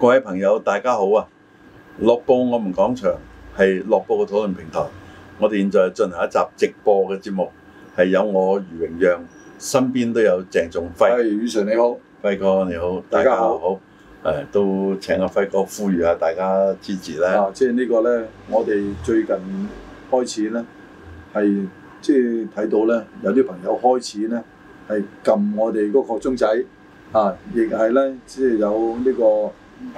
各位朋友，大家好啊！樂報我們講場係樂報嘅討論平台，我哋現在進行一集直播嘅節目，係有我余榮讓，身邊都有鄭仲輝。係余 Sir 你好，輝哥你好，大家好。誒，都請阿輝哥呼籲下大家支持啦。啊，即係呢個呢，我哋最近開始呢，係即係睇到呢，有啲朋友開始呢，係撳我哋嗰個鐘仔啊，亦係呢，即係有呢個。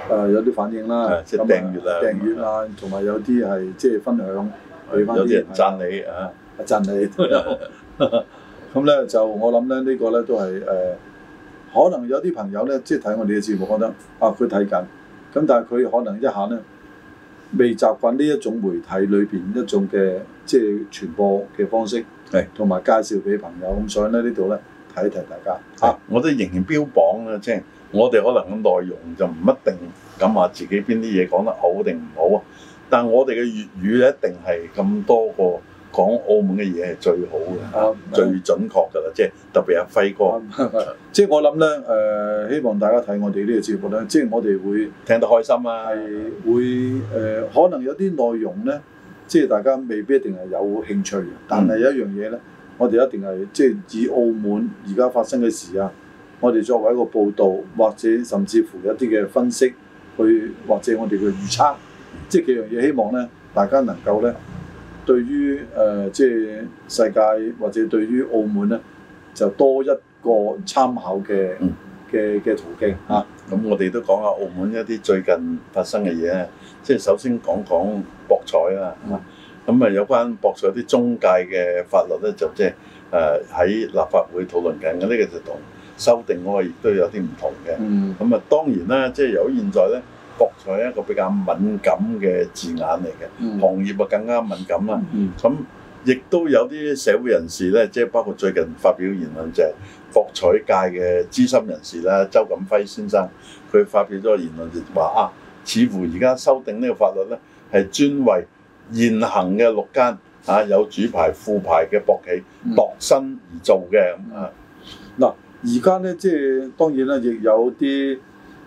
誒，有啲反應啦，即係訂閱啦，訂閱啦，同埋有啲係即係分享俾翻啲人讚你啊，讚你都有。咁、啊、咧 就我諗咧，這個、呢個咧都係誒、呃，可能有啲朋友咧即係睇我哋嘅節目，覺得啊佢睇緊，咁但係佢可能一下咧未習慣呢一種媒體裏邊一種嘅即係傳播嘅方式，係同埋介紹俾朋友咁，所以咧呢度咧提提大家吓，的啊、我都仍然標榜嘅，即係。我哋可能嘅內容就唔一定咁話自己邊啲嘢講得好定唔好啊，但我哋嘅粵語咧一定係咁多個講澳門嘅嘢係最好嘅，yeah, 最準確㗎啦，Yeah. 即係特別阿輝哥，Yeah. 即係我諗咧誒，希望大家睇我哋呢個節目咧，即係我哋會聽得開心啊，會誒、呃，可能有啲內容咧，即係大家未必一定係有興趣，嘅。但係有一樣嘢咧，mm. 我哋一定係即係以澳門而家發生嘅事啊，我哋作為一個報導，或者甚至乎一啲嘅分析，去或者我哋嘅預測，即係幾樣嘢，希望咧大家能夠咧，對於誒、呃、即係世界或者對於澳門咧，就多一個參考嘅嘅嘅途徑嚇。咁、啊嗯、我哋都講下澳門一啲最近發生嘅嘢，即係首先講講博彩啦，咁啊，有關博彩啲中介嘅法律咧，就即係誒喺立法會討論緊嘅呢個就同。嗯嗯修訂嗰個亦都有啲唔同嘅，咁啊當然咧，即係由於現在咧，博彩係一個比較敏感嘅字眼嚟嘅，行業啊更加敏感啦。咁亦都有啲社會人士咧，即係包括最近發表言論，就係博彩界嘅資深人士啦，周錦輝先生，佢發表咗個言論，就話啊，似乎而家修訂呢個法律咧，係專為現行嘅六間啊有主牌副牌嘅博企度身而做嘅咁啊嗱。而家咧，即係當然啦，亦有啲誒、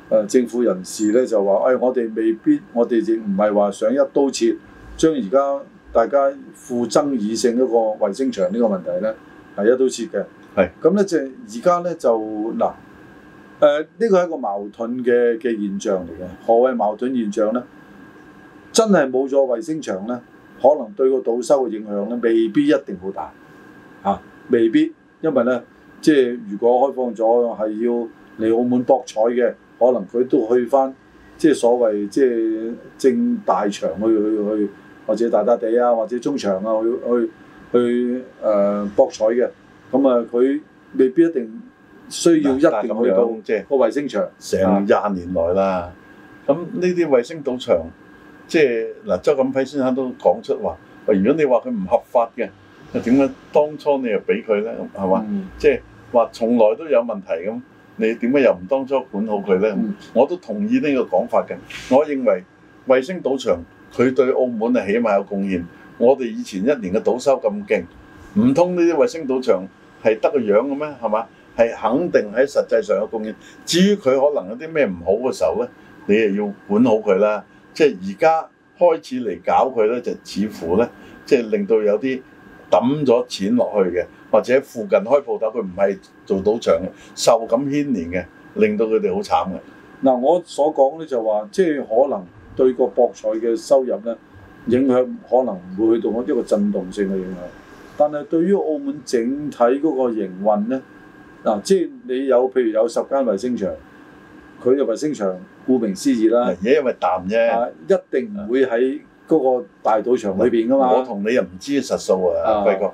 呃、政府人士咧就話，誒、哎、我哋未必，我哋亦唔係話想一刀切，將而家大家負爭議性一個衞星場呢個問題咧係一刀切嘅。係咁咧，就而家咧就嗱誒，呢個係一個矛盾嘅嘅現象嚟嘅。何謂矛盾現象咧？真係冇咗衞星場咧，可能對個賭收嘅影響咧，未必一定好大嚇、啊，未必因為咧。即係如果開放咗係要嚟澳門博彩嘅，可能佢都去翻，即係所謂即係正大場去去去，或者大笪地啊，或者中場啊去去去誒、呃、博彩嘅，咁啊佢未必一定需要一定去到即係個衛星場，成廿、就是、年來啦。咁呢啲衛星賭場，嗯、即係嗱，周錦輝先生都講出話，話如果你話佢唔合法嘅，點解當初你又俾佢咧？係嘛、嗯？即係、就是。話從來都有問題咁，你點解又唔當初管好佢呢？嗯、我都同意呢個講法嘅。我認為衛星賭場，佢對澳門係起碼有貢獻。我哋以前一年嘅賭收咁勁，唔通呢啲衛星賭場係得個樣嘅咩？係嘛？係肯定喺實際上有貢獻。至於佢可能有啲咩唔好嘅時候呢，你又要管好佢啦。即係而家開始嚟搞佢呢，就似乎呢，即係令到有啲。抌咗錢落去嘅，或者附近開鋪頭，佢唔係做賭場嘅，受咁牽連嘅，令到佢哋好慘嘅。嗱，我所講咧就話，即係可能對個博彩嘅收入咧，影響可能唔會去到咁一個震動性嘅影響。但係對於澳門整體嗰個營運咧，嗱、啊，即係你有譬如有十間衛星場，佢嘅衛星場顧名思義啦，嘢因為淡啫，一定唔會喺。嗰個大賭場裏邊噶嘛，我同你又唔知實數啊，貴國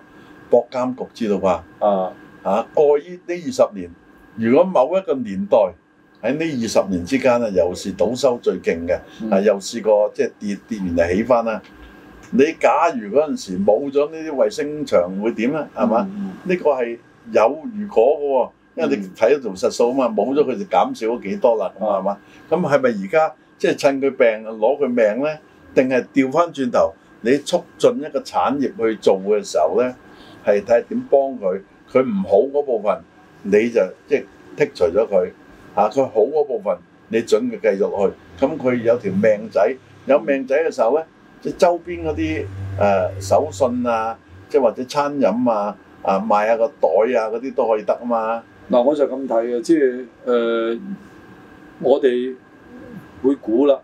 博監局知道啩？啊，嚇過於呢二十年，如果某一個年代喺呢二十年之間咧，又是賭收最勁嘅，啊又試過即係跌跌完就起翻啦。你假如嗰陣時冇咗呢啲衞星場會點咧？係嘛？呢個係有如果嘅喎，因為你睇到條實數啊嘛，冇咗佢就減少咗幾多啦，咁係嘛？咁係咪而家即係趁佢病攞佢命咧？定係調翻轉頭，你促進一個產業去做嘅時候呢，係睇下點幫佢。佢唔好嗰部分，你就即係剔除咗佢啊。佢好嗰部分，你準佢繼續去。咁佢有條命仔，有命仔嘅時候呢，即係周邊嗰啲誒手信啊，即係或者餐飲啊，啊賣下個袋啊嗰啲都可以得啊嘛。嗱，我就咁睇啊，即係誒，我哋會估啦。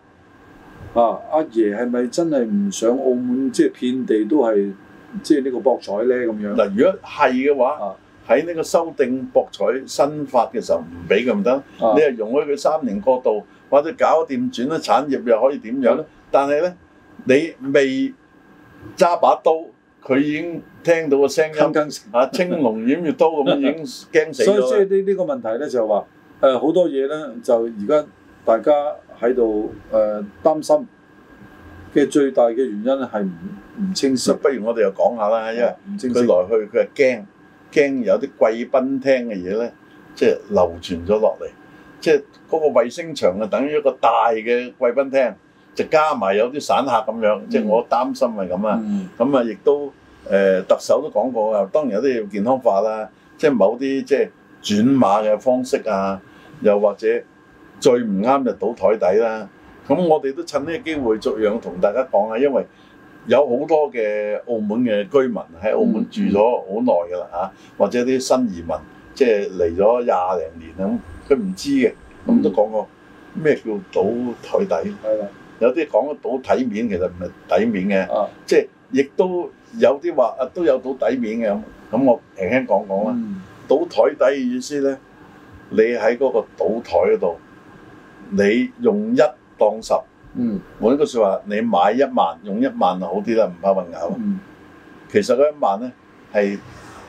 啊！阿爺係咪真係唔想澳門即係遍地都係即係呢個博彩咧咁樣？嗱，如果係嘅話，喺呢、啊、個修訂博彩新法嘅時候唔俾佢唔得，啊、你係容許佢三年過渡，或者搞掂轉咗產業又可以點樣咧？的但係咧，你未揸把刀，佢已經聽到個聲音，跟跟啊青龍偃月刀咁已經驚死 所以即係呢呢個問題咧就係話，誒、呃、好多嘢咧就而家大家。喺度誒擔心嘅最大嘅原因係唔唔清晰。不如我哋又講下啦，因為佢來去佢係驚驚有啲貴賓廳嘅嘢咧，即係流傳咗落嚟，即係嗰個衞星場啊，等於一個大嘅貴賓廳，就加埋有啲散客咁樣，即係我擔心係咁啊。咁啊，亦都誒特首都講過啊，當然有啲要健康化啦，即係某啲即係轉碼嘅方式啊，又或者。最唔啱就倒台底啦，咁我哋都趁呢個機會，逐樣同大家講下，因為有好多嘅澳門嘅居民喺澳門住咗好耐㗎啦嚇，嗯、或者啲新移民即係嚟咗廿零年啊，咁佢唔知嘅，咁、嗯、都講過咩叫倒台底？係啊的，有啲講得到台面，其實唔係底面嘅，啊、即係亦都有啲話啊，都有倒底面嘅咁，咁我輕輕講講啦。嗯、倒台底嘅意思咧，你喺嗰個倒台嗰度。你用一當十，嗯，換一個説話，你買一萬用一萬就好啲啦，唔怕混淆。其實嗰一萬咧係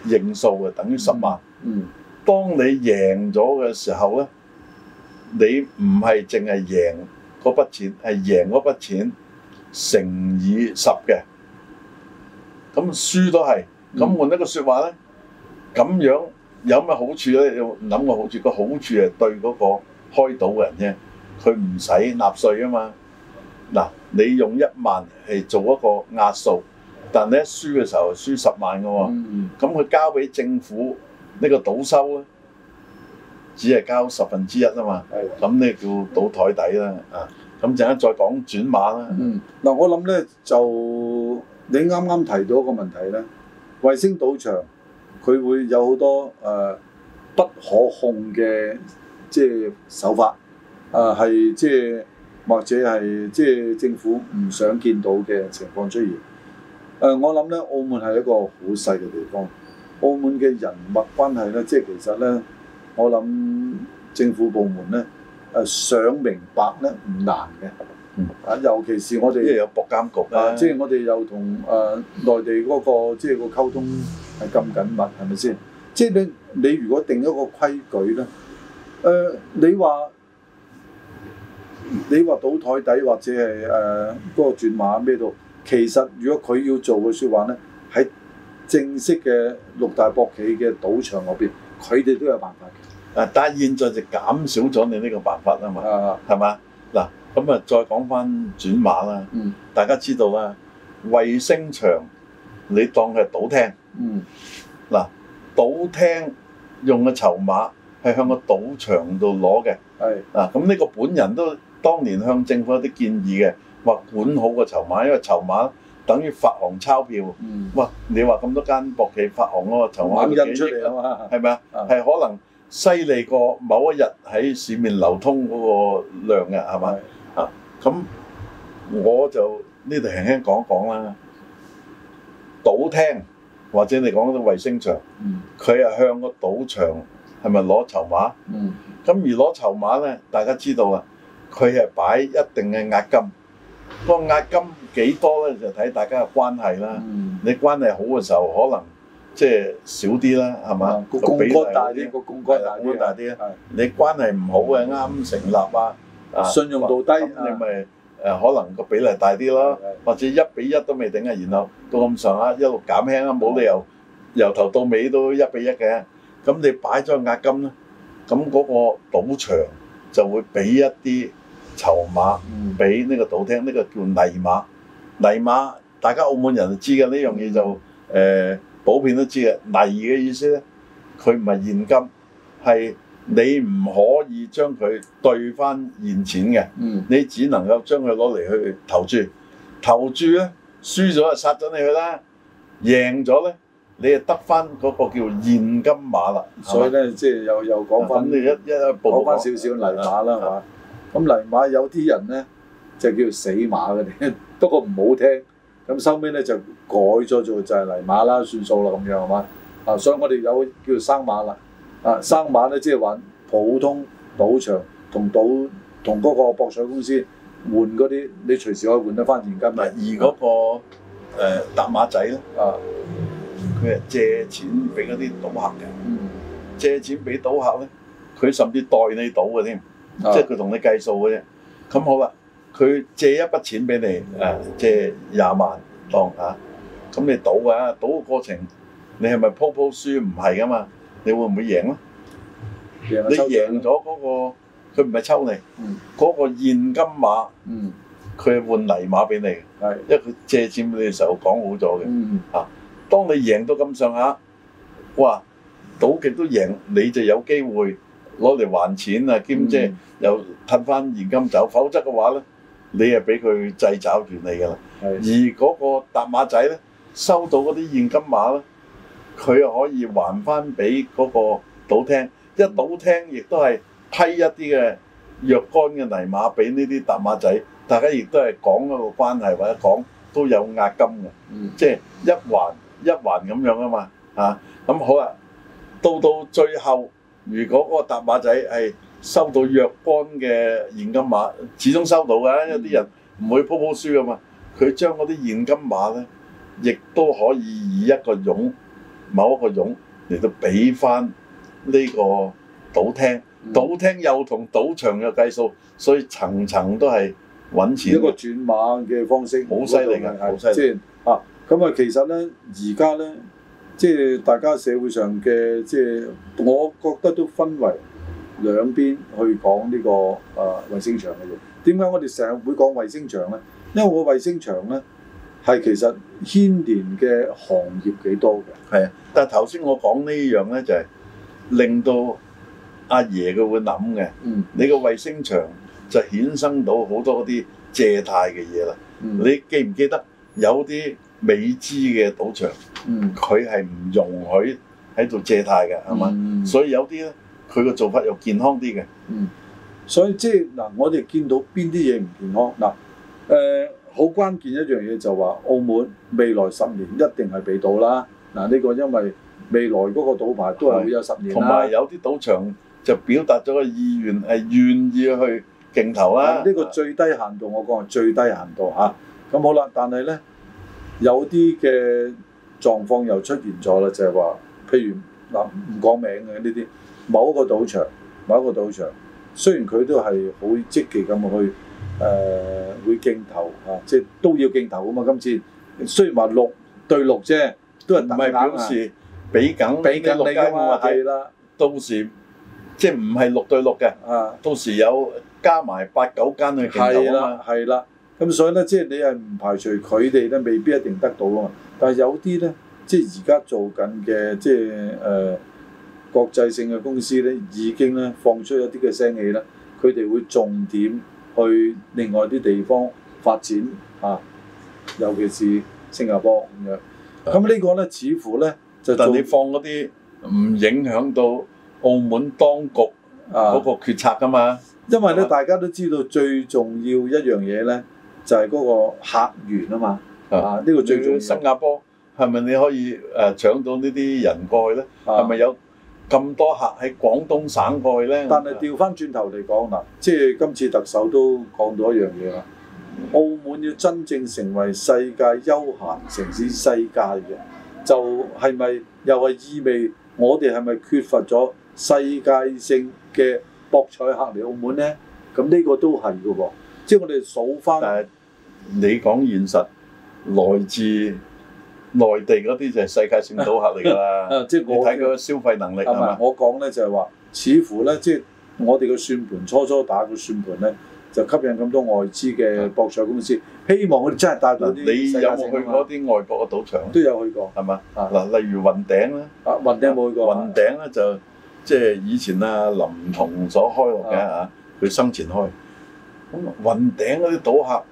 認數嘅，等於十萬。嗯，當你贏咗嘅時候咧，你唔係淨係贏嗰筆錢，係贏嗰筆錢乘以十嘅。咁輸都係。咁換一個説話咧，咁樣有咩好處咧？要諗個好處，個好處係對嗰個開賭嘅人啫。佢唔使納稅啊嘛，嗱，你用一萬係做一個壓數，但你一輸嘅時候輸十萬嘅喎，咁佢、嗯、交俾政府個賭呢個賭收咧，只係交十分之一啊嘛，咁咧的叫賭枱底啦，啊，咁陣間再講轉碼啦。嗱、嗯，我諗咧就你啱啱提到一個問題咧，衛星賭場佢會有好多誒、呃、不可控嘅即係手法。啊，係、呃、即係或者係即係政府唔想見到嘅情況出現。誒、呃，我諗咧，澳門係一個好細嘅地方。澳門嘅人脈關係咧，即係其實咧，我諗政府部門咧，誒、呃、想明白咧唔難嘅。啊，尤其是我哋因為有博監局啊，啊即係我哋又同誒內地嗰、那個即係、這個溝通係咁緊密，係咪先？即係你你如果定一個規矩咧，誒、呃、你話。你話賭枱底或者係誒嗰個轉碼咩度？其實如果佢要做嘅説話咧，喺正式嘅六大博企嘅賭場嗰邊，佢哋都有辦法嘅。啊，但係現在就減少咗你呢個辦法啦嘛。啊的，係嘛？嗱，咁啊，再講翻轉碼啦。嗯。大家知道啦，衞星場你當佢係賭廳。嗯。嗱，賭廳用嘅籌碼係向個賭場度攞嘅。係的。啊、嗯，咁呢個本人都～當年向政府有啲建議嘅，話管好個籌碼，因為籌碼等於發行鈔票。哇！你話咁多間博企發行嗰個籌碼幾億，係咪啊？係可能犀利過某一日喺市面流通嗰個量嘅，係咪？啊！咁我就呢度輕輕講一講啦。賭廳或者你講嘅衞星場，佢係向個賭場係咪攞籌碼？咁而攞籌碼咧，大家知道啦。佢係擺一定嘅押金，嗰個押金幾多咧？就睇大家嘅關係啦。你關係好嘅時候，可能即係少啲啦，係嘛？個比例大啲，個比例大啲大啲。你關係唔好嘅啱成立啊，信用度低，你咪誒可能個比例大啲咯，或者一比一都未定啊。然後到咁上下一路減輕啊，冇理由由頭到尾都一比一嘅。咁你擺咗個押金咧，咁嗰個賭場就會俾一啲。籌碼唔俾呢個賭廳，呢、呢個叫泥碼。泥碼，大家澳門人就知嘅呢樣嘢就誒普遍都知嘅、呢個呃。泥碼嘅意思咧，佢唔係現金，係你唔可以將佢兌翻現錢嘅。嗯，你只能夠將佢攞嚟去投注。投注咧，輸咗就殺咗你去啦。贏咗咧，你就得翻嗰個叫現金碼啦。所以咧，吧即係又又講翻咁你一一講翻少少泥碼啦，係咁泥馬有啲人咧就係，叫死馬啲， 不過唔好聽。咁收尾咧就改咗做就係泥馬啦，算數啦咁樣係嘛？啊，所以我哋有叫做生馬啦。啊，生馬咧即係玩普通賭場同賭同嗰個博彩公司換嗰啲，你隨時可以換得翻現金。嗱、嗰個，而嗰個誒搭馬仔咧啊，佢係借錢俾嗰啲賭客嘅，嗯、借錢俾賭客咧，佢甚至代你賭嘅添。即係佢同你計數嘅啫，咁好啦。佢借一筆錢俾你，誒、嗯啊、借廿萬當下，咁你賭啊，賭嘅過程你係咪鋪鋪輸唔係噶嘛？你會唔會贏咯？贏你贏咗嗰個，佢唔係抽你，嗰、嗯、個現金碼，佢係換泥碼俾你，嗯、因為佢借錢俾你嘅時候講好咗嘅。啊，當你贏到咁上下，哇，賭極都贏，你就有機會。攞嚟還錢啊，兼即係又吞翻現金走，否則嘅話咧，你啊俾佢制找住你㗎啦。的而嗰個搭碼仔咧，收到嗰啲現金碼咧，佢又可以還翻俾嗰個賭廳，一賭廳亦都係批一啲嘅若干嘅泥碼俾呢啲搭碼仔，大家亦都係講一個關係或者講都有押金嘅，即係、嗯、一環一環咁樣啊嘛。啊，咁好啊，到到最後。如果嗰個疊碼仔係收到若干嘅現金碼，始終收到㗎。有啲人唔會鋪鋪輸㗎嘛，佢將嗰啲現金碼咧，亦都可以以一個傭某一個傭嚟到俾返呢個賭廳。嗯、賭廳又同賭場嘅計數，所以層層都係揾錢。一個轉碼嘅方式，好犀利㗎，好犀利。啊，咁啊，其實咧，而家咧。即係大家社會上嘅，即係我覺得都分為兩邊去講，這個呃、呢個啊衛星場嘅嘢。點解我哋成日會講衛星場咧？因為個衛星場咧係其實牽連嘅行業幾多嘅。係啊，但係頭先我講呢樣咧就係、是、令到阿爺佢會諗嘅。嗯，你個衛星場就衍生到好多嗰啲借貸嘅嘢啦。嗯、你記唔記得有啲？美資嘅賭場，佢係唔容許喺度借貸嘅，係嘛、嗯？所以有啲咧，佢個做法又健康啲嘅。嗯，所以即係嗱，我哋見到邊啲嘢唔健康嗱？誒，好、呃、關鍵一樣嘢就話，澳門未來十年一定係被賭啦。嗱，呢、這個因為未來嗰個賭牌都係會有十年啦。同埋有啲賭場就表達咗個意願係願意去競投啦。呢、這個最低限度我，我講係最低限度嚇。咁好啦，但係咧，有啲嘅狀況又出現咗啦，就係話，譬如嗱唔講名嘅呢啲，某一個賭場，某一個賭場，雖然佢都係好積極咁去誒、呃、會競投啊，即係都要競投啊嘛。今次雖然話六對六啫，都係唔係表示俾緊俾緊你啊嘛。係啦，到時即係唔係六對六嘅啊？到時有加埋八九間去競投啊嘛。係啦。咁所以咧，即係你係唔排除佢哋咧，未必一定得到啊嘛。但係有啲咧，即係而家做緊嘅，即係、呃、誒國際性嘅公司咧，已經咧放出一啲嘅聲氣啦。佢哋會重點去另外啲地方發展啊，尤其是新加坡咁樣。咁、啊啊、呢個咧，似乎咧就但你放嗰啲唔影響到澳門當局嗰、啊、個決策㗎嘛？因為咧，吧大家都知道最重要一樣嘢咧。就係嗰個客源啊嘛，啊呢個最重要。新加坡係咪你可以誒、啊、搶到呢啲人過去呢？咧、啊？係咪有咁多客喺廣東省過去呢？但係調翻轉頭嚟講啦，即係今次特首都講到一樣嘢啦。澳門要真正成為世界休閒城市，世界嘅，就係、是、咪又係意味我哋係咪缺乏咗世界性嘅博彩客嚟澳門呢？咁呢個都係㗎喎，即係我哋數翻。嗯你講現實來自內地嗰啲就係世界性賭客嚟㗎啦，即係你睇佢嘅消費能力係嘛？我講咧就係話，似乎咧即係我哋個算盤初初打個算盤咧，就吸引咁多外資嘅博彩公司，希望佢真係帶到你有冇去過啲外國嘅賭場？都有去過係咪？嗱，例如雲頂咧，雲頂冇去過。雲頂咧就即係以前啊林同所開嘅嚇，佢生前開。咁雲頂嗰啲賭客。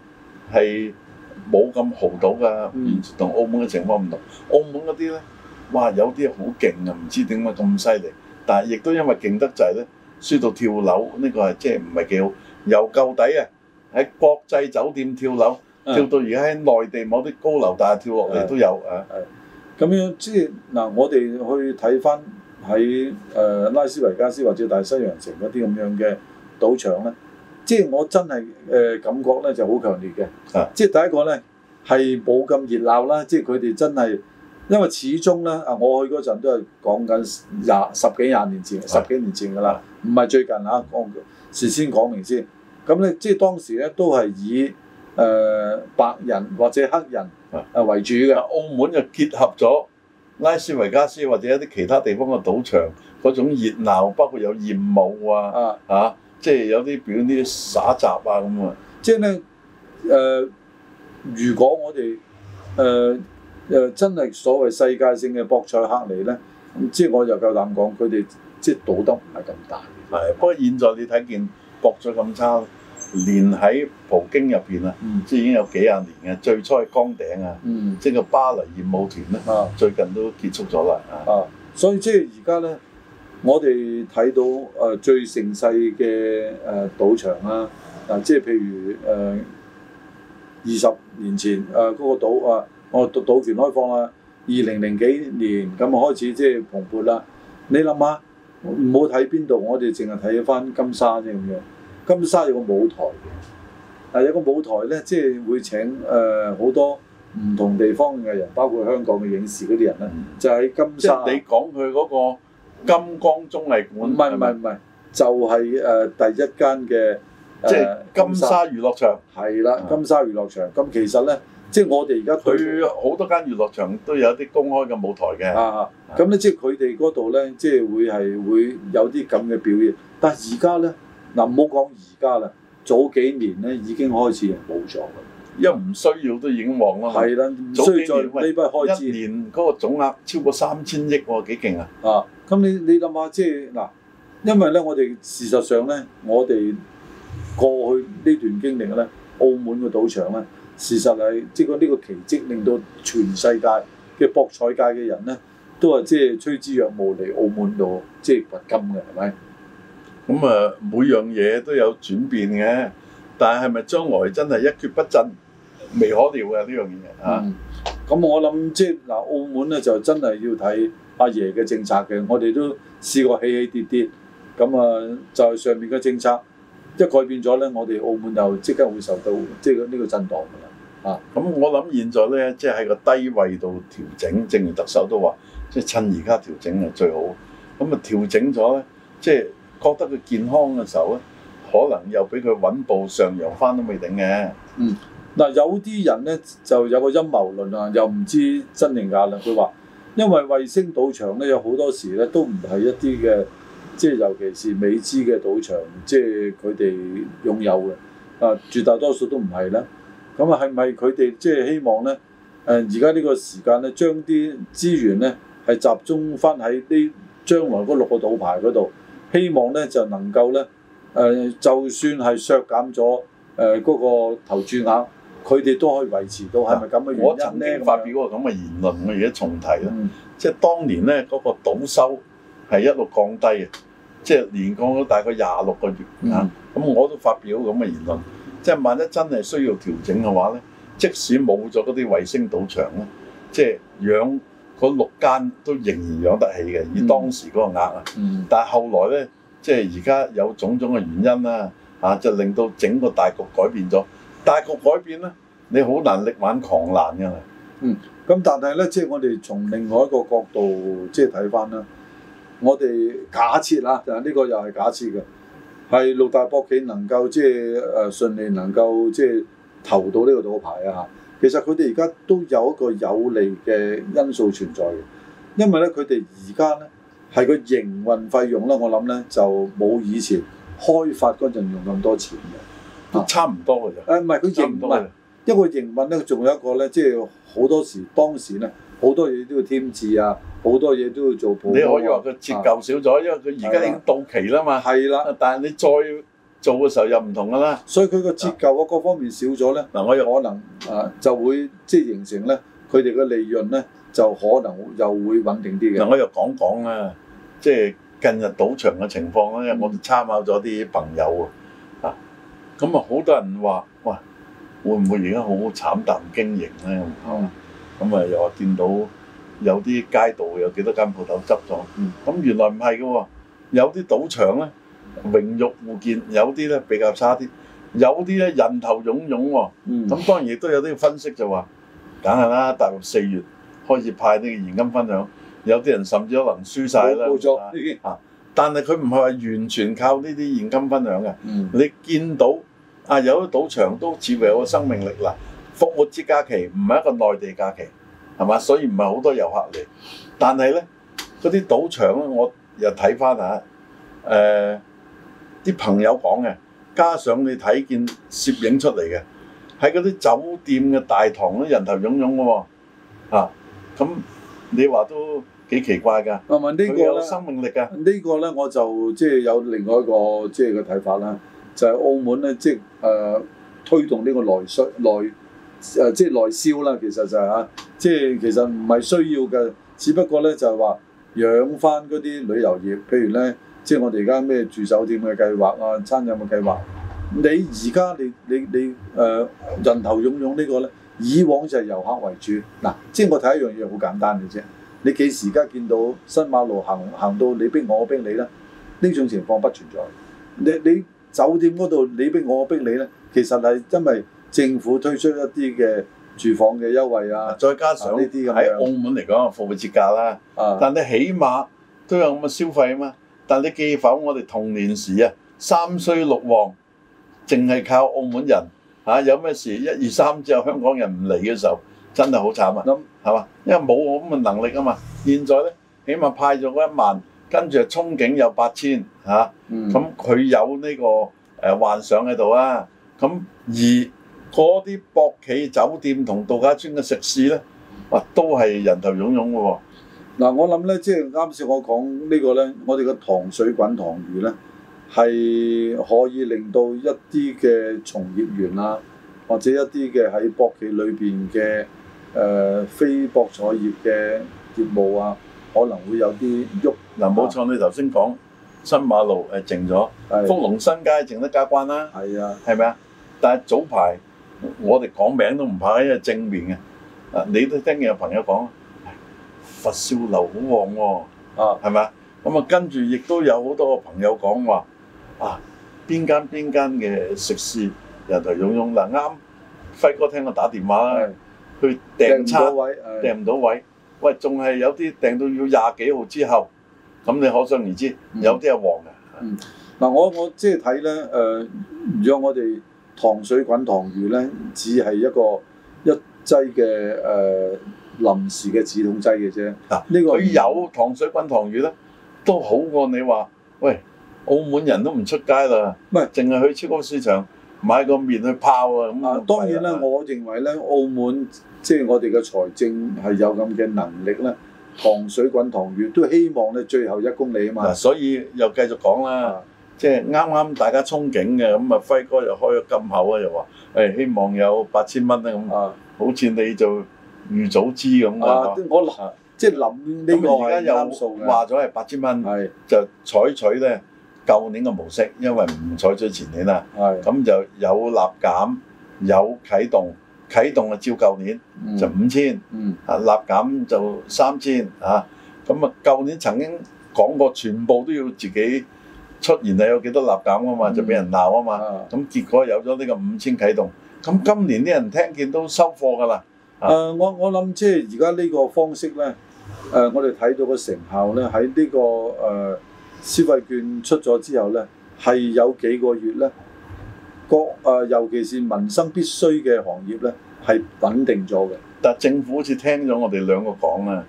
係冇咁豪賭㗎，完全同澳門嘅情況唔同。澳門嗰啲咧，哇有啲係好勁啊，唔知點解咁犀利。但係亦都因為勁得滯咧，輸到跳樓呢個係即係唔係幾好。由舊底啊，喺國際酒店跳樓，跳到而家喺內地某啲高樓大廈跳落嚟都有啊。咁樣即係嗱，我哋去睇翻喺誒拉斯維加斯或者大西洋城嗰啲咁樣嘅賭場咧。即係我真係誒、呃、感覺咧就好強烈嘅，啊、即係第一個咧係冇咁熱鬧啦。即係佢哋真係因為始終咧啊，我去嗰陣都係講緊廿十幾廿年前，啊、十幾年前㗎啦，唔係最近啊。啊我事先講明先，咁、嗯、咧即係當時咧都係以誒、呃、白人或者黑人啊為主嘅、啊。澳門就結合咗拉斯維加斯或者一啲其他地方嘅賭場嗰種熱鬧，包括有艷舞啊啊！啊啊啊即係有啲表啲耍雜啊咁啊！即係咧誒，如果我哋誒誒真係所謂世界性嘅博彩客嚟咧，即、嗯、係、就是、我就夠膽講，佢哋即係賭得唔係咁大。係的，不過現在你睇見博彩咁差，連喺葡京入邊啊，即係、嗯、已經有幾廿年嘅，最初係崗頂、嗯、啊，即係個巴黎演舞團咧，最近都結束咗啦。啊，啊所以即係而家咧。我哋睇到誒最盛世嘅誒賭場啦，嗱、啊，即係譬如誒二十年前誒嗰個賭啊，我賭賭權開放啦，二零零幾年咁啊開始即係蓬勃啦。你諗下，唔好睇邊度，我哋淨係睇翻金沙啫咁樣。金沙有個舞台嘅，啊有個舞台咧，即係會請誒好、啊、多唔同地方嘅人，包括香港嘅影視嗰啲人咧，就喺、是、金沙。即係你講佢嗰個。金光綜藝館唔係，唔係，唔係，就係、是、誒、呃、第一間嘅即係金沙娛樂場係啦、啊，金沙娛樂場。咁、啊、其實咧，即係我哋而家佢好多間娛樂場都有啲公開嘅舞台嘅。啊，咁咧的即係佢哋嗰度咧，即係會係會有啲咁嘅表演。但係而家咧，嗱唔好講而家啦，早幾年咧已經開始冇咗嘅，啊、因為唔需要都已經黃啦。係啦，唔需要再呢筆開支，早幾年一年嗰個總額超過三千億喎，幾勁啊！啊！啊啊啊啊咁你你諗下，即係嗱，因為咧，我哋事實上咧，我哋過去呢段經歷咧，澳門嘅賭場咧，事實係即係呢個奇蹟，令到全世界嘅博彩界嘅人咧，都係即係趨之若鶩嚟澳門度即係掘金嘅，係咪？咁啊、嗯，每樣嘢都有轉變嘅，但係係咪將來真係一蹶不振，未可料嘅呢樣嘢啊，咁、嗯、我諗即係嗱，澳門咧就真係要睇。阿爺嘅政策嘅，我哋都試過起起跌跌，咁啊就係上面嘅政策一改變咗咧，我哋澳門就即刻會受到即係呢個震盪㗎啦。啊，咁我諗現在咧即係喺個低位度調整，正如特首都話，即係趁而家調整係最好。咁啊調整咗咧，即係覺得佢健康嘅時候咧，可能又俾佢穩步上揚翻都未定嘅。嗯，嗱有啲人咧就有個陰謀論啊，又唔知真定假啦，佢話。因為衞星賭場咧，有好多時咧都唔係一啲嘅，即係尤其是美資嘅賭場，即係佢哋擁有嘅，啊，絕大多數都唔係啦。咁啊，係咪佢哋即係希望咧？誒、呃，而家呢個時間咧，將啲資源咧係集中翻喺呢將來嗰六個賭牌嗰度，希望咧就能夠咧誒、呃，就算係削減咗誒嗰個投注額。佢哋都可以維持到係咪咁嘅原因？我曾經發表過咁嘅言論，我而家重提啦。嗯、即係當年咧，嗰、嗰個賭收係一路降低嘅，嗯、即係連降咗大概廿六個月、嗯、啊。咁我都發表咁嘅言論，即係萬一真係需要調整嘅話咧，即使冇咗嗰啲衞星賭場咧，即係養嗰六間都仍然養得起嘅，以當時嗰個額啊。嗯嗯、但係後來咧，即係而家有種種嘅原因啦，啊就令到整個大局改變咗。大局改變咧，你好難力挽狂瀾嘅啦。嗯，咁但係咧，即係我哋從另外一個角度即係睇翻啦。我哋假設啊，就係呢個又係假設嘅，係六大博企能夠即係誒順利能夠即係投到呢個賭牌啊。其實佢哋而家都有一個有利嘅因素存在嘅，因為咧佢哋而家咧係個營運費用啦，我諗咧就冇以前開發嗰陣用咁多錢嘅。差唔多嘅就，誒唔係佢營唔係，營因為營運咧，仲有一個咧，即係好多時當時咧，好多嘢都要添置啊，好多嘢都要做補、啊。你可以話佢折舊少咗，啊、因為佢而家已經到期啦嘛。係啦的，但係你再做嘅時候又唔同㗎啦。的所以佢個折舊啊各方面少咗咧，嗱我又可能啊就會即係、就是、形成咧，佢哋嘅利潤咧就可能又會穩定啲嘅。嗱、啊、我又講講啊，即係近日賭場嘅情況咧，嗯、我哋參考咗啲朋友喎。咁啊，好多人話，哇，會唔會而家好慘淡經營呢？咁啊、嗯，又話見到有啲街道有幾多間鋪頭執咗。咁、嗯、原來唔係嘅喎，有啲賭場呢榮辱互見，有啲呢比較差啲，有啲呢人頭湧湧、哦。嗯，咁當然亦都有啲分析就話，梗係啦，大陸四月開始派呢個現金分享，有啲人甚至可能輸晒，啦、嗯。嗯、但係佢唔係話完全靠呢啲現金分享嘅。嗯、你見到。啊！有啲賭場都似乎有個生命力啦。復活節假期唔係一個內地假期，係嘛？所以唔係好多遊客嚟。但係咧，嗰啲賭場咧，我又睇翻下，誒、呃、啲朋友講嘅，加上你睇見攝影出嚟嘅，喺嗰啲酒店嘅大堂咧，人頭涌涌嘅喎，咁、啊、你話都幾奇怪㗎。啊、這個！問呢個生命力咧，呢個咧我就即係有另外一個即係嘅睇法啦。就係澳門咧，即係誒推動呢個內需內誒即係內銷啦。其實就係、是、嚇，即、啊、係、就是、其實唔係需要嘅，只不過咧就係、是、話養翻嗰啲旅遊業，譬如咧，即、就、係、是、我哋而家咩住酒店嘅計劃啊、餐飲嘅計劃，你而家你你你誒、呃、人頭涌湧呢個咧，以往就係遊客為主嗱。即、啊、係、就是、我睇一樣嘢好簡單嘅啫，你幾時而家見到新馬路行行到你逼我，我逼你咧？呢種情況不存在，你你。你你酒店嗰度你逼我，我逼你咧，其實係因為政府推出一啲嘅住房嘅優惠啊，再加上呢啲喺澳門嚟講，貨幣折價啦。啊、但你起碼都有咁嘅消費啊嘛。但你記否我哋童年時啊，三衰六旺，淨係靠澳門人嚇、啊，有咩事一二三之後香港人唔嚟嘅時候，真係好慘啊！咁係嘛？因為冇咁嘅能力啊嘛。現在咧，起碼派咗嗰一萬。跟住憧憬有八千吓，咁佢、嗯、有呢、呢個誒、呃、幻想喺度啊。咁而嗰啲博企酒店同度假村嘅食肆咧，啊都係人頭湧湧嘅喎。嗱、嗯，我諗咧，即係啱先我講呢個咧，我哋嘅糖水滾糖魚咧，係可以令到一啲嘅從業員啊，或者一啲嘅喺博企裏邊嘅誒非博彩業嘅業務啊，可能會有啲喐。嗱、冇錯，你頭先講新馬路誒靜咗，的福隆新街靜得交關啦，係啊的，係咪啊？但係早排我哋講名都唔怕，因為正面嘅啊，你都聽見有朋友講、哎、佛笑樓好旺喎、哦，啊係咪啊？咁啊跟住亦都有好多朋友講話啊，邊間邊間嘅食肆人頭湧湧。嗱、啱輝哥聽我打電話啦，的去訂餐，訂唔到位，訂唔到位，喂仲係有啲訂到要廿幾號之後。咁你可想而知，有啲係黃嘅。嗯，嗱、嗯，我我即係睇咧，誒、呃，如果我哋糖水滾糖魚咧，只係一個一劑嘅誒、呃、臨時嘅止痛劑嘅啫。啊，呢個佢有糖水滾糖魚咧，都好過你話，喂，澳門人都唔出街啦，唔係喂，淨係去超級市場買個麵去泡啊。啊，當然咧，是我認為咧，澳門即係、就是、我哋嘅財政係有咁嘅能力咧。糖水滾糖魚都希望你最後一公里嘛，啊嘛，所以又繼續講啦，的即係啱啱大家憧憬嘅。咁啊輝哥又開咗金口啊，又話誒、哎、希望有八千蚊咧咁。啊，的好似你就預早知咁的啊，我諗的即係諗你而家又話咗係八千蚊，係的就採取咧舊年嘅模式，因為唔採取前年啦，係咁的就有立減有啟動。啟動就 3000, 啊，照舊年就五千，啊立減就三千啊，咁啊舊年曾經講過全部都要自己出現啊，有幾多立減啊嘛，就俾人鬧啊嘛，咁結果有咗呢個五千啟動，咁今年啲人聽見都收貨㗎啦。誒、啊呃，我我諗即係而家呢個方式咧，誒、呃、我哋睇到個成效咧，喺呢、這個誒消費券出咗之後咧，係有幾個月咧？個誒、呃，尤其是民生必需嘅行業咧，係穩定咗嘅。但政府好似聽咗我哋兩個講咧，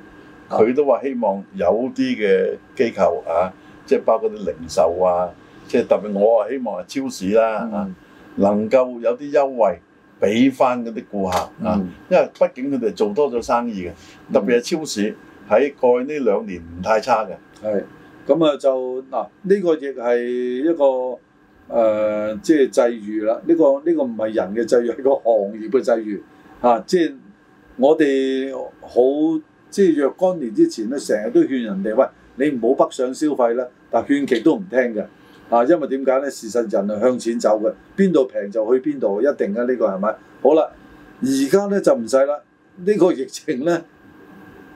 佢、啊、都話希望有啲嘅機構啊，即係包括啲零售啊，即係特別我啊希望係超市啦啊，嗯、能夠有啲優惠俾翻嗰啲顧客啊，嗯、因為畢竟佢哋做多咗生意嘅，特別係超市喺、嗯、過去呢兩年唔太差嘅。係咁啊，嗯、就嗱呢、這個亦係一個。誒、呃，即係際遇啦。呢、呢個呢、呢個唔係人嘅際遇，係個行業嘅際遇嚇。即係我哋好即係若干年之前咧，成日都勸人哋喂，你唔好北上消費啦。但係勸極都唔聽嘅嚇、啊，因為點解咧？事實人係向錢走嘅，邊度平就去邊度，一定嘅呢、呢個係咪？好啦，而家咧就唔使啦。呢、呢個疫情咧，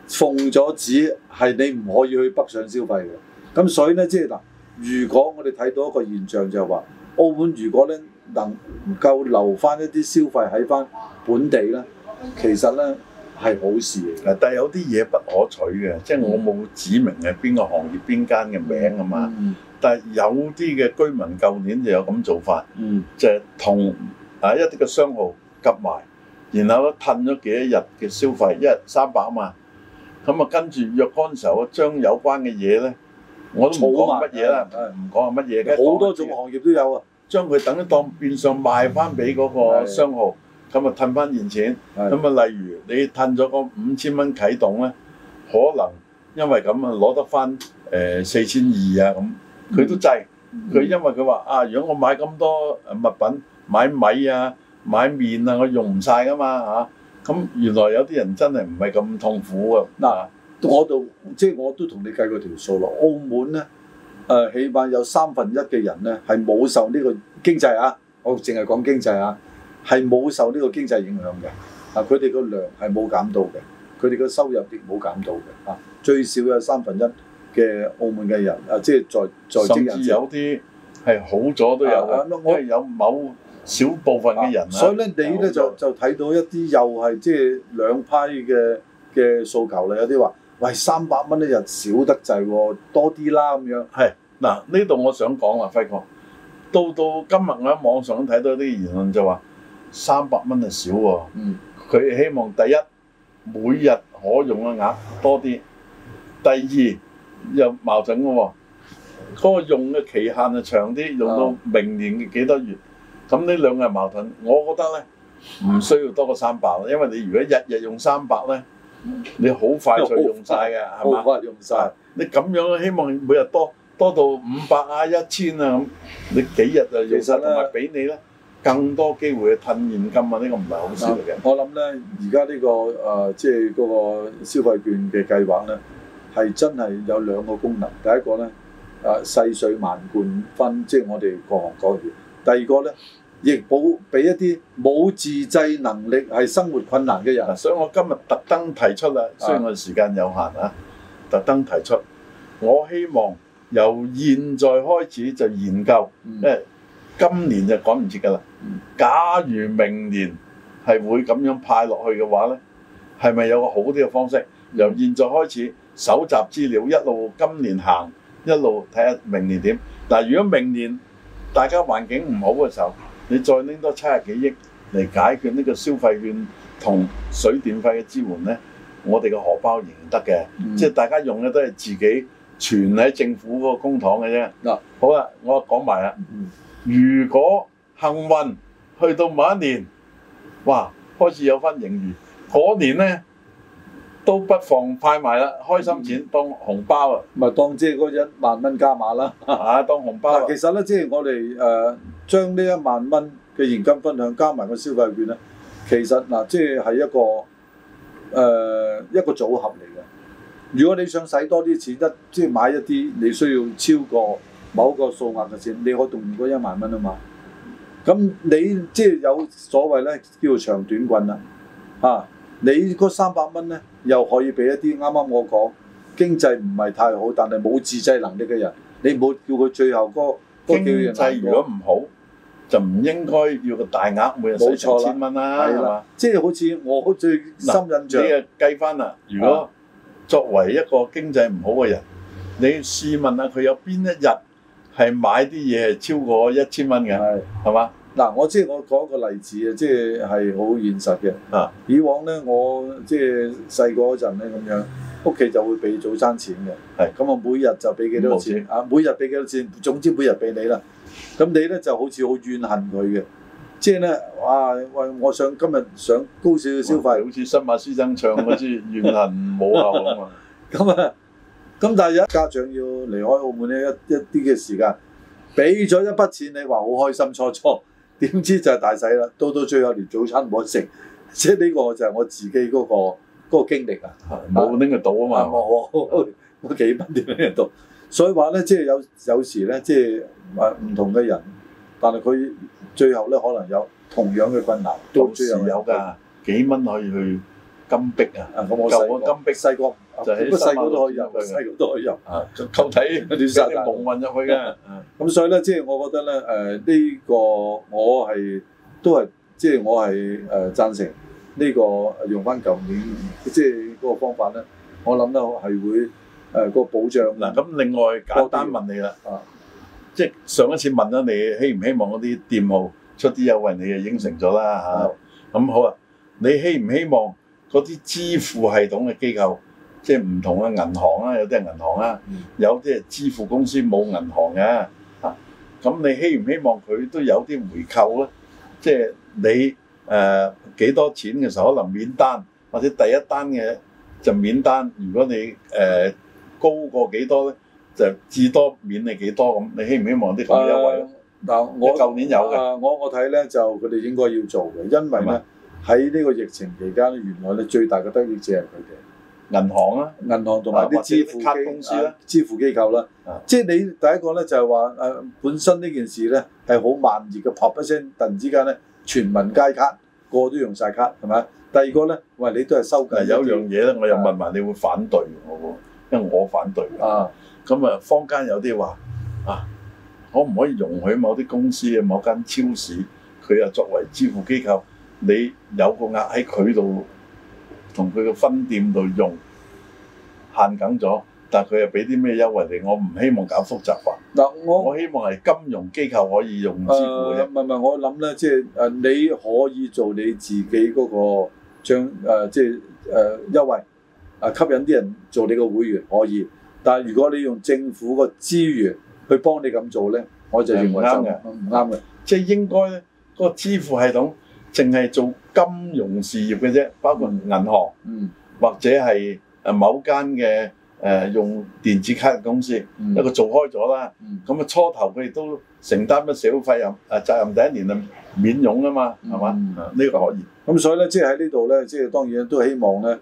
奉咗旨係你唔可以去北上消費嘅。咁、啊、所以咧，即係嗱。如果我哋睇到一個現象，就係話澳門如果咧能夠留翻一啲消費喺翻本地咧，其實咧係好事嚟。但係有啲嘢不可取嘅，嗯、即係我冇指明係邊個行業、邊間嘅名啊嘛。嗯、但係有啲嘅居民舊年就有咁做法，嗯、就係同啊一啲嘅商號夾埋，然後咧褪咗幾多日嘅消費，一日三百啊萬，咁啊跟住若干嘅時候咧，將有關嘅嘢咧。我都冇講乜嘢啦，唔講乜嘢嘅，好多種行業都有啊，將佢等一當變相賣翻俾嗰個商號，咁啊褪翻現錢，咁啊的例如你褪咗個五千蚊啟動咧，可能因為咁啊攞得翻誒、呃、四千二啊咁，佢都制，佢、嗯嗯、因為佢話啊，如果我買咁多物品，買米啊，買麵啊，我用唔晒噶嘛嚇，咁、啊啊、原來有啲人真係唔係咁痛苦㗎嗱！啊啊我就即係我都同你計過條數咯，澳門咧誒、呃，起碼有三分一嘅人咧係冇受呢個經濟啊，我淨係講經濟啊，係冇受呢個經濟影響嘅啊，佢哋個糧係冇減到嘅，佢哋個收入亦冇減到嘅啊，最少有三分一嘅澳門嘅人、啊啊、人啊，即係在在職人士，甚至有啲係好咗都有，我因為有某少部分嘅人啊，所以咧你咧就就睇到一啲又係即係兩派嘅嘅訴求啦，有啲話。喂，三百蚊一日少得滯喎，多啲啦咁樣。係嗱，呢度我想講啦，輝哥。到到今日我喺網上睇到啲言論就話三百蚊係少喎。嗯，佢希望第一每日可用嘅額多啲，第二又矛盾嘅喎。嗰個用嘅期限就長啲，用到明年嘅幾多月。咁呢、嗯、兩個矛盾，我覺得咧唔需要多過三百咯，因為你如果日日用三百咧。你好快就用晒嘅，係嘛？好快用晒！你咁樣希望每日多多到五百啊、一千啊咁，你幾日就其實咧，俾你咧更多機會去褪現金啊呢，呢個唔係好事嚟嘅。我諗咧，而家呢個誒即係嗰個消費券嘅計劃咧，係真係有兩個功能。第一個咧，誒、啊、細水慢灌分，即係我哋各行各業。第二個咧。亦保俾一啲冇自制能力係生活困難嘅人，所以我今日特登提出啦。雖然我哋時間有限啊，特登提出，我希望由現在開始就研究。誒，今年就趕唔切㗎啦。假如明年係會咁樣派落去嘅話咧，係咪有個好啲嘅方式？由現在開始搜集資料，一路今年行，一路睇下明年點。嗱，如果明年大家環境唔好嘅時候，你再拎多七十幾億嚟解決呢個消費券同水電費嘅支援咧，我哋嘅荷包仍然得嘅，嗯、即係大家用嘅都係自己存喺政府嗰個公帑嘅啫。嗱、啊，好啦、啊，我講埋啦。嗯、如果幸運去到某一年，哇，開始有返盈餘，嗰年咧都不妨派埋啦，開心錢、嗯、當紅包啊，咪當即嗰一萬蚊加碼啦，嚇當紅包、啊啊。其實咧，即係我哋誒。呃將呢一萬蚊嘅現金分享加埋個消費券邊咧，其實嗱、呃，即係係一個誒、呃、一個組合嚟嘅。如果你想使多啲錢，一即係買一啲你需要超過某個數額嘅錢，你可以動用嗰一萬蚊啊嘛。咁你即係有所謂咧，叫做長短棍啦。啊，你嗰三百蚊咧，又可以俾一啲啱啱我講經濟唔係太好，但係冇自制能力嘅人，你冇叫佢最後嗰嗰叫經濟如果唔好。就唔應該要個大額，每日使成千蚊啦，係嘛錯？吧即係好似我最深印象，你啊計翻啦。如果作為一個經濟唔好嘅人，啊、你試問下佢有邊一日係買啲嘢係超過一千蚊嘅？係是，係嘛吧？嗱，我即係我講一個例子啊，即係係好現實嘅啊。以往咧，我即係細個嗰陣咧咁樣，屋企就會俾早餐錢嘅，係咁是我每日就俾幾多錢，錢啊？每日俾幾多錢？總之每日俾你啦。咁你咧就好似好怨恨佢嘅，即係咧，哇喂！我想今日上高少少消費，好似新馬師曾唱嗰支 怨恨唔好啊！咁啊、 嗯，咁、嗯、但係有家長要離開澳門呢，一一啲嘅時間，俾咗一筆錢，你話好開心初初，點知就係大洗啦，到到最後連早餐冇得食，即係呢個就係我自己嗰、嗰個嗰、嗰個經歷啊！冇拎得到啊嘛，冇 我，我，我，我幾筆拎得到？所以話咧、就是，即係有有時咧，即係唔唔同嘅人，但係佢最後咧可能有同樣嘅困難。最有時有㗎，幾蚊可以去金碧啊！舊個金碧細個樓就喺細個都可以入，細個都可以入。啊，夠睇嗰啲沙袋，啲夢混入去嘅。咁 Yeah. 所以咧，即、就、係、是、我覺得咧，誒、這、呢個我係都係，即係、呃這個、我係誒贊成呢個用翻舊年即係嗰個方法咧。我諗咧係會。就是誒個保障嗱，咁另外簡單問你啦，即係上一次問咗你，希唔希望嗰啲店舖出啲優惠，你就應承咗啦嚇。咁好啊，你希唔希望嗰啲支付系統嘅機構，即係唔同嘅銀行啦，有啲係銀行啦，有啲係支付公司冇銀行嘅嚇。咁你希唔希望佢都有啲回扣咧？即係你誒幾多錢嘅時候，可能免單，或者第一單嘅就免單。如果你誒，高過幾多咧？就至多免你幾多咁？你希唔希望啲咁優惠？嗱，我舊年有㗎。我我睇咧就佢哋應該要做嘅，因為咧喺呢個疫情期間原來咧最大嘅得益者係佢哋銀行啊，銀行同埋啲支付卡公司啊，支付機構啦。即係你第一個咧就係話誒本身呢件事咧係好慢熱嘅，啪一聲突然之間咧全民皆卡，個個都用晒卡，係咪？第二個咧，喂，你都係收緊。有樣嘢咧，我又問埋你會反對我因為我反對啊，咁、嗯、啊，坊間有啲話啊，可唔可以容許某啲公司、嘅某間超市，佢又作為支付機構，你有個額喺佢度，同佢個分店度用限緊咗，但係佢又俾啲咩優惠你，我唔希望搞複雜化。嗱我，我我希望係金融機構可以用支付咧。唔係唔係，我諗咧，即係誒、呃，你可以做你自己嗰、嗰個將、呃、即係誒優惠。呃呃呃呃呃呃呃呃啊！吸引啲人做你個會員可以，但係如果你用政府個資源去幫你咁做咧，我就唔啱嘅，唔啱嘅。即係應該咧，嗰個支付系統淨係做金融事業嘅啫，包括銀行，或者係誒某間嘅誒用電子卡嘅公司，一個做開咗啦。咁啊初頭佢亦都承擔咗社會費用誒責任，第一年啊免佣啊嘛，係嘛？呢個可以。咁所以咧，即係喺呢度咧，即係當然都希望咧。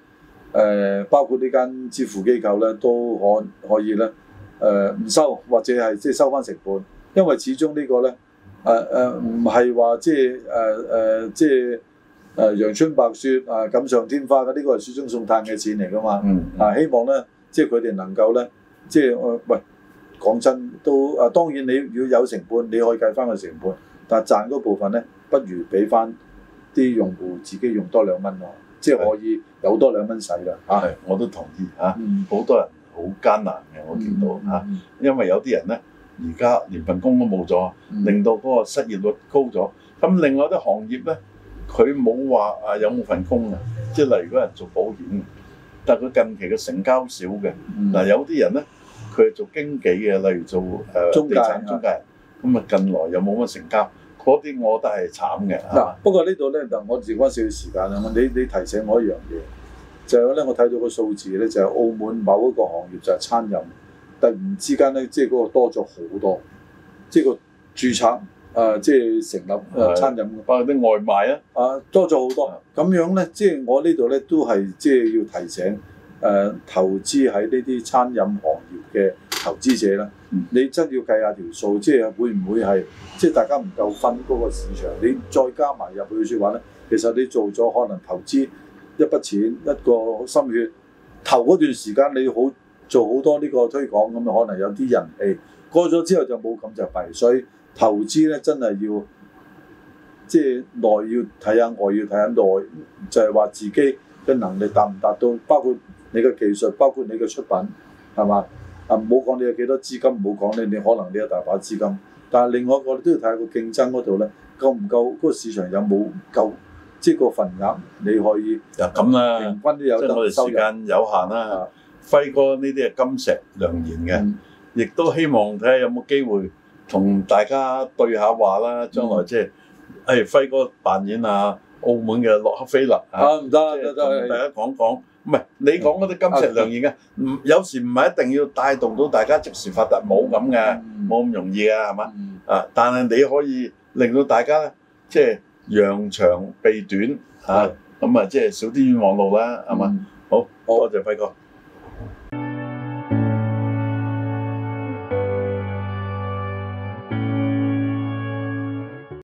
誒、呃、包括呢間支付機構咧，都可可以咧，誒、呃、唔收或者係即係收翻成本，因為始終呢個咧，誒誒唔係話即係誒誒即係誒陽春白雪啊錦、呃、上添花嘅，呢、呢個係雪中送炭嘅錢嚟㗎嘛。嗱、嗯啊，希望咧即係佢哋能夠咧，即係誒、呃、喂，講真都啊，當然你如果有成本，你可以計翻個成本，但係賺嗰部分咧，不如俾翻啲用戶自己用多兩蚊咯。即係可以有多兩蚊使啦，係是、啊、我都同意嚇，好、嗯啊、多人好艱難嘅我見到嚇、嗯啊，因為有啲人咧，而家連份工都冇咗，嗯、令到嗰個失業率高咗。咁、嗯、另外啲行業咧，佢冇話啊有冇份工啊，即係例如嗰人做保險，但係佢近期嘅成交少嘅。嗱、嗯啊、有啲人咧，佢係做經紀嘅，例如做、呃、中地間產中介間，咁啊近來又冇乜成交。嗰啲我都係慘嘅。嗱、啊，吧不過呢度咧就我剩翻少少時間啦。你你提醒我一樣嘢，就係、是、咧我睇到個數字咧，就係、是、澳門某一個行業就係餐飲，突然之間咧即係嗰個多咗好多，即、就、係、是、個註冊誒即係成立誒、呃、餐飲，包括啲外賣啊，啊多咗好多。咁的樣咧即係我呢度咧都係即係要提醒誒、呃、投資喺呢啲餐飲行業嘅。投資者啦，你真要計下條數，即係會唔會係即係大家唔夠分嗰個市場？你再加埋入去説話咧，其實你做咗可能投資一筆錢，一個心血投嗰段時間，你好做好多呢個推廣咁可能有啲人氣過咗之後就冇咁就弊，所以投資咧真係要即係內要睇下，外要睇下，內就係話自己嘅能力達唔達到，包括你嘅技術，包括你嘅出品，係嘛？啊，唔好講你有幾多資金，唔好講咧，你可能你有大把資金，但係另外一個你都要睇下個競爭嗰度咧，夠唔夠？嗰個市場有冇夠？即係個份額你可以，啊咁啦，平均都有得收入。即係我哋時間有限啦，輝哥呢啲係金石良言嘅，亦都希望睇下有冇機會同大家對下話啦。將來即係誒輝哥扮演下澳門嘅洛克菲勒啊，唔得，得得，同大家講講。唔係你講嗰啲金石良言嘅，唔、嗯、有時唔係一定要帶動到大家即時發達冇咁嘅，冇咁、嗯、容易嘅係嘛？嗯、啊！但係你可以令到大家咧，即係揚長避短嚇，咁、嗯、啊即係少啲冤枉路啦，係嘛？嗯、好，好多謝輝哥。